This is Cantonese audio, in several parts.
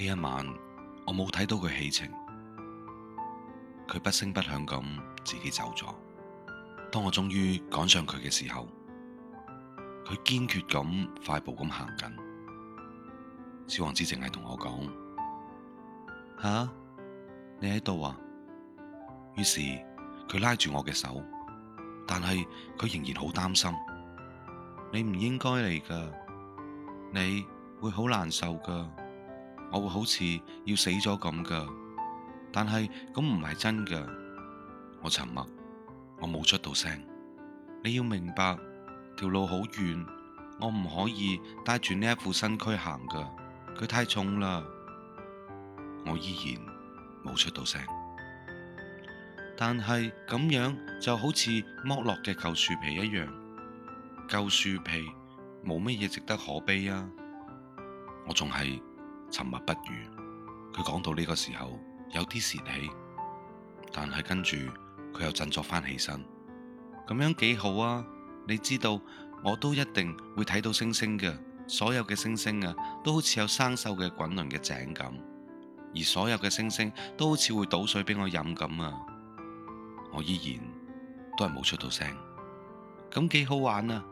呢一晚，我冇睇到佢啟程，佢不聲不響咁自己走咗。當我終於趕上佢嘅時候，佢堅決咁快步咁行緊。小王子淨係同我講：吓、啊，你喺度啊！於是佢拉住我嘅手，但係佢仍然好擔心。你唔應該嚟噶，你會好難受噶。我會好似要死咗咁噶，但係咁唔係真噶。我沉默，我冇出到聲。你要明白，條路好遠，我唔可以帶住呢一副身軀行噶，佢太重啦。我依然冇出到聲，但係咁樣就好似剝落嘅舊樹皮一樣，舊樹皮冇乜嘢值得可悲啊。我仲係。沉默不語，佢講到呢個時候有啲泄氣，但係跟住佢又振作翻起身，咁樣幾好啊！你知道我都一定會睇到星星嘅，所有嘅星星啊，都好似有生鏽嘅滾輪嘅井咁，而所有嘅星星都好似會倒水畀我飲咁啊！我依然都係冇出到聲，咁幾好玩啊！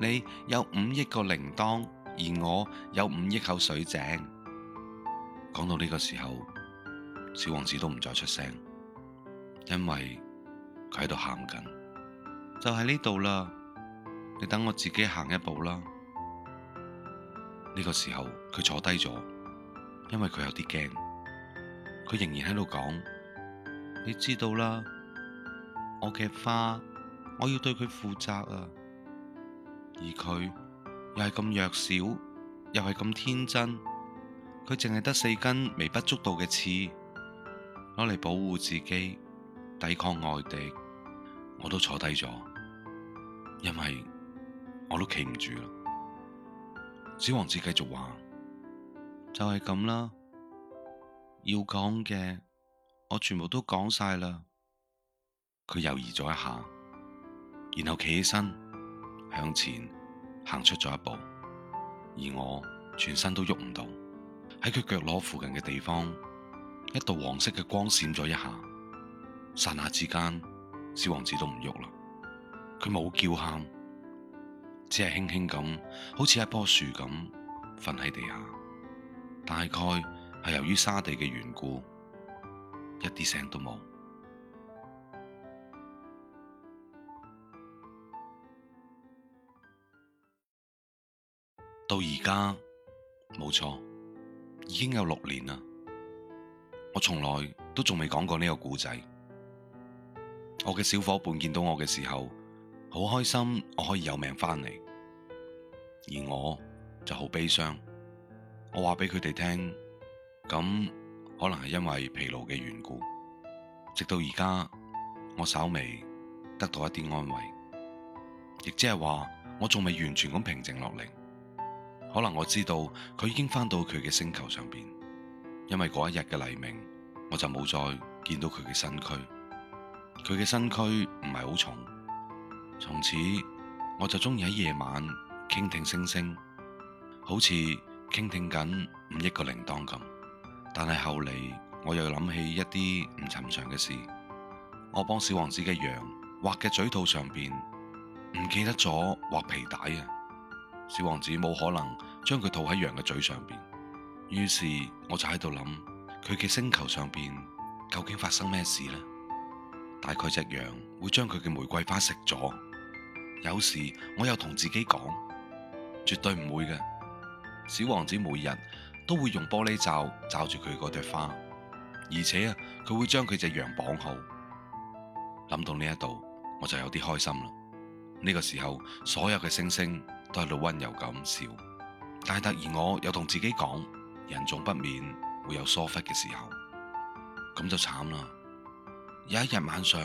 你有五億個鈴鐺，而我有五億口水井。講到呢個時候，小王子都唔再出聲，因為佢喺度喊緊。就喺呢度啦，你等我自己行一步啦。呢個時候佢坐低咗，因為佢有啲驚。佢仍然喺度講，你知道啦，我嘅花，我要對佢負責啊。而佢又係咁弱小，又係咁天真。佢淨係得四根微不足道嘅刺，攞嚟保護自己，抵抗外敵。我都坐低咗，因為我都企唔住啦。小王子繼續話：就係咁啦，要講嘅我全部都講晒啦。佢猶豫咗一下，然後企起身向前行出咗一步，而我全身都喐唔到。喺佢腳踝附近嘅地方，一道黃色嘅光閃咗一下，剎那之間，小王子都唔喐啦。佢冇叫喊，只係輕輕咁，好似一棵樹咁瞓喺地下。大概係由於沙地嘅緣故，一啲聲都冇。到而家，冇錯。已經有六年啦，我從來都仲未講過呢個故仔。我嘅小伙伴見到我嘅時候，好開心我可以有命翻嚟，而我就好悲傷。我話俾佢哋聽，咁可能係因為疲勞嘅緣故。直到而家，我稍微得到一啲安慰，亦即係話我仲未完全咁平靜落嚟。可能我知道佢已經翻到佢嘅星球上邊，因為嗰一日嘅黎明，我就冇再見到佢嘅身軀。佢嘅身軀唔係好重，從此我就鍾意喺夜晚傾聽星星，好似傾聽緊五億個鈴鐺咁。但係後嚟我又諗起一啲唔尋常嘅事，我幫小王子嘅羊畫嘅嘴套上邊唔記得咗畫皮帶啊！小王子冇可能將佢套喺羊嘅嘴上邊，於是我就喺度諗佢嘅星球上邊究竟發生咩事呢？大概隻羊會將佢嘅玫瑰花食咗。有時我又同自己講，絕對唔會嘅。小王子每日都會用玻璃罩罩住佢嗰朵花，而且啊，佢會將佢隻羊綁好。諗到呢一度，我就有啲開心啦。呢個時候，所有嘅星星。一路溫柔咁笑，但係突然我又同自己講：人總不免會有疏忽嘅時候，咁就慘啦。有一日晚上，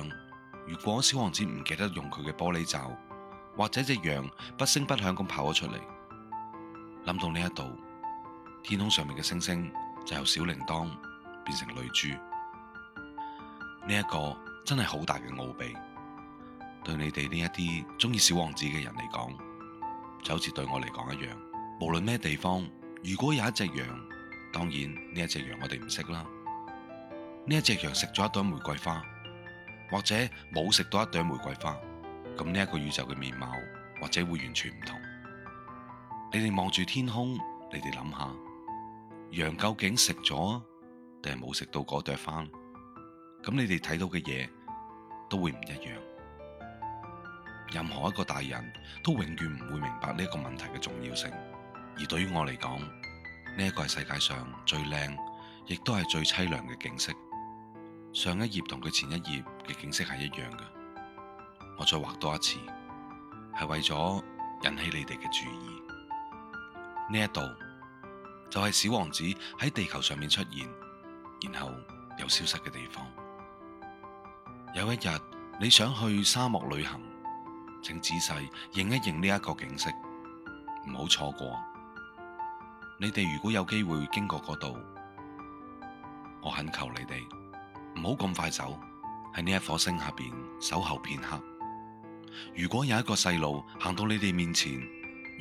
如果小王子唔記得用佢嘅玻璃罩，或者隻羊不聲不響咁跑咗出嚟。諗到呢一度，天空上面嘅星星就由小鈴鐺變成淚珠。呢一個真係好大嘅奧秘，對你哋呢一啲中意小王子嘅人嚟講，就好似對我嚟講一樣，無論咩地方，如果有一隻羊，當然呢一隻羊我哋唔識啦。呢一隻羊食咗一朵玫瑰花，或者冇食到一朵玫瑰花，咁呢一個宇宙嘅面貌或者會完全唔同。你哋望住天空，你哋諗下，羊究竟食咗定係冇食到嗰朵花？咁你哋睇到嘅嘢都會唔一樣。任何一個大人都永遠唔會明白呢一個問題嘅重要性，而對於我嚟講，呢一個係世界上最靚，亦都係最淒涼嘅景色。上一頁同佢前一頁嘅景色係一樣嘅，我再畫多一次，係為咗引起你哋嘅注意。呢一度就係小王子喺地球上面出現，然後又消失嘅地方。有一日你想去沙漠旅行。請仔細認一認呢一個景色，唔好錯過。你哋如果有機會經過嗰度，我懇求你哋唔好咁快走，喺呢一顆星下邊守候片刻。如果有一個細路行到你哋面前，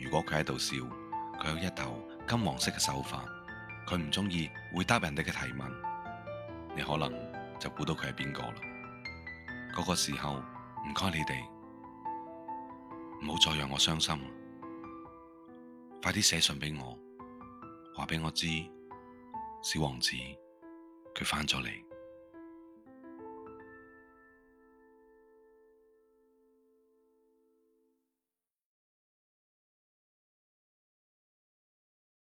如果佢喺度笑，佢有一頭金黃色嘅秀髮，佢唔中意回答人哋嘅提問，你可能就估到佢係邊個啦。嗰、嗰個時候唔該你哋。唔好再讓我傷心，快啲寫信畀我，話畀我知，小王子佢返咗嚟。